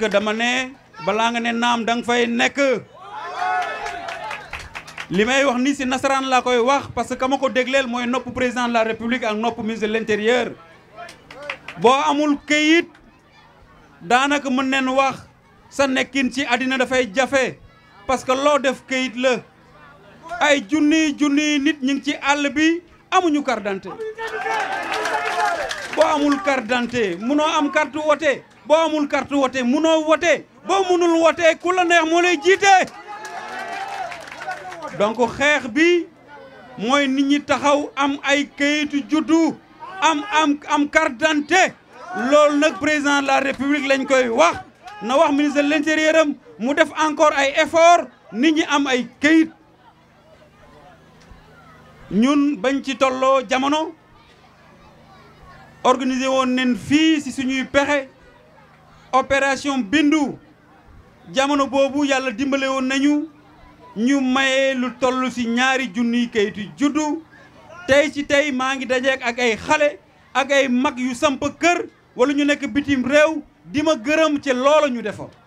que dama ne balaa nga ne naam da nga fay nekk li may wax ni si nasaraan laa koy wax parce que ka ma ko dégleel mooy nopp président la république ak nopp ministre de l'intérieur boo amul këyit daanaka mën neen wax sa nekkin ci àddina dafay jafe parce que loo def këyit la ay junniy junniy nit ñu ngi ci àll bi amuñu carte d'identité boo amul carte d'identité munoo am carte wote boo amul carte wote munoo wote boo munul wote ku la neex moo lay jiite. donc xeex bi mooy nit ñi taxaw am ay kayitu juddu am am am carte d'identité loolu nag président la république lañ koy wax na wax ministre de l'intérieur am mu def encore ay effort nit ñi am ay këyit ñun bañ ci tolloo jamono. organiser woon nen fii ci suñuy pexe opération bindu jamono boobu yàlla dimbale woon nañu ñu maye lu toll ci ñaari junniy kayitu juddu tey ci tey maa ngi dajeek ak ay xale ak ay mag yu samp kër walla ñu nekk bitim réew di ma gërëm ci loola ñu defoon